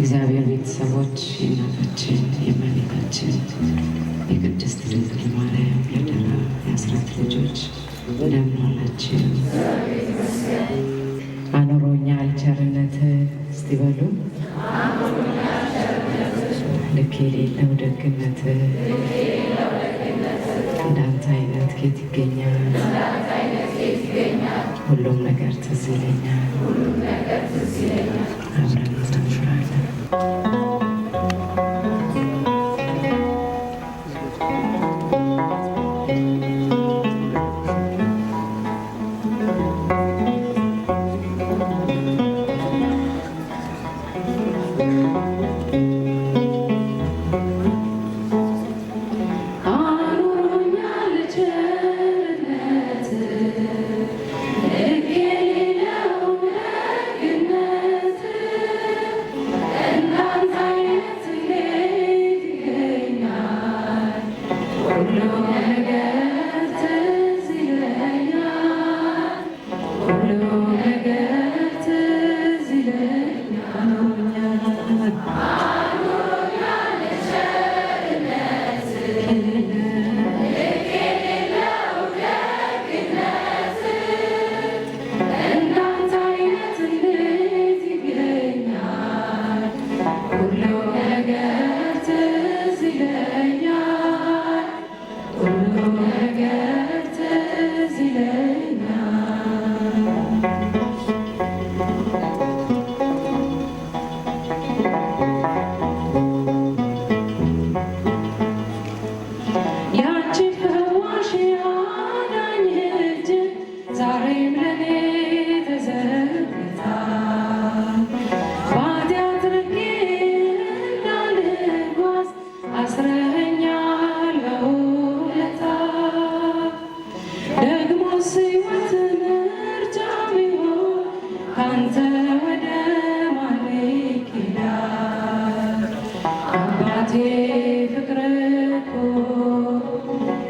እግዚአብሔር ቤተሰቦች የእናታችን የእመቤታችን የቅድስት ድንግል ማርያም ያደራ የአስራት ልጆች እንደምን ዋላችሁ? ቸርነት እስቲ በሉ። ልክ የሌለው ደግነት እንዳንተ አይነት ጌት ይገኛል። ሁሉም ነገር ትዝ ይለኛል blue.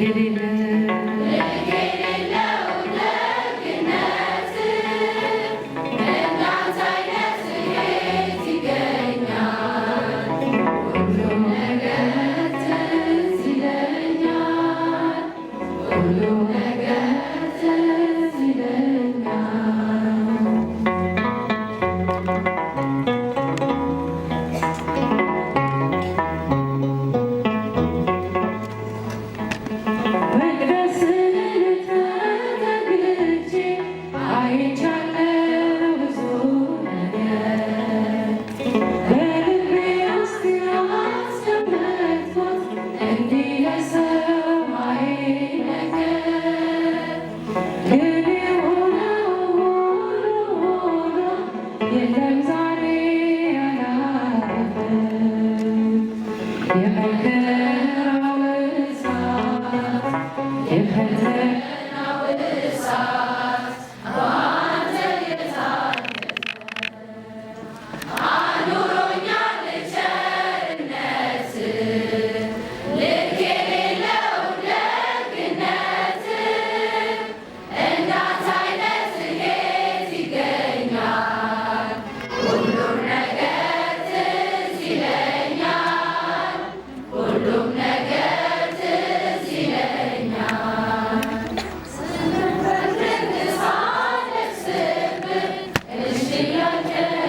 Giving Yeah.